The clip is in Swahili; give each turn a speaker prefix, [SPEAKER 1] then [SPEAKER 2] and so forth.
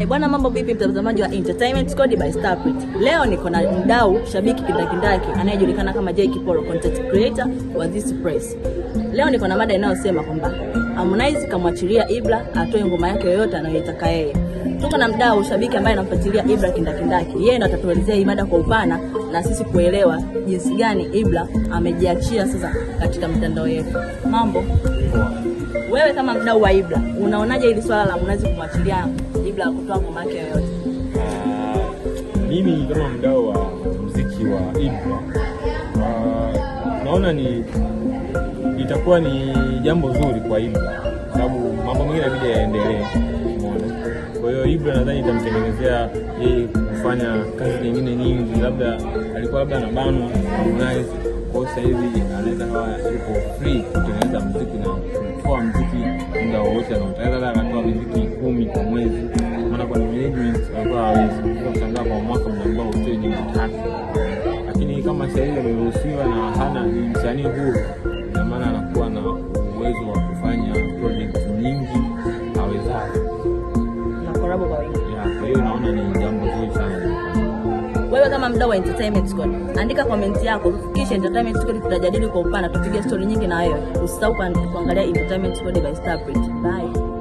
[SPEAKER 1] ebwana eh, bwana, mambo vipi mtazamaji wa Entertainment Squad by Starprint. Leo niko na mdau shabiki kindakindaki anayejulikana kama Jay Kiporo, content creator wa This Press. Leo niko na mada inayosema kwamba Harmonize kamwachilia Ibra atoe ngoma yake yoyote anayoitaka yeye tuko na mdau shabiki ambaye anamfuatilia Ibra kindakindaki. Yeye ndo atatuelezea imada kwa upana na sisi kuelewa jinsi gani Ibra amejiachia sasa katika mitandao yetu. Mambo wewe kama mdau wa Ibra unaonaje hili swala la mnazi kumwachilia Ibra kutoa ngoma yake yoyote? Ah,
[SPEAKER 2] mimi kama mdau wa muziki wa Ibra ah, naona ni itakuwa ni jambo zuri kwa Ibra, sababu mambo mengine inabidi yaendelee kwa hiyo hivyo nadhani itamtengenezea yeye kufanya kazi nyingine nyingi, labda alikuwa labda na bano organize kwa sasa hivi anaweza kawa yuko free kutengeneza muziki na kutoa muziki muda wowote anaotaka, labda akatoa muziki kumi kwa mwezi, maana kwa management alikuwa hawezi kutangaza kwa mwaka mnaambao utoe nyimbo tatu, lakini kama sasa hivi ameruhusiwa na hana msanii huo, ina maana sababu kwa wengi. kwa hiyo naona ni jambo zuri sana.
[SPEAKER 1] Wewe kama mdau wa Entertainment Squad, andika komenti yako, kisha Entertainment Squad, tutajadili kwa upana, tupige story nyingi na wewe. Usisahau kuangalia Entertainment Squad by Starprint. Bye.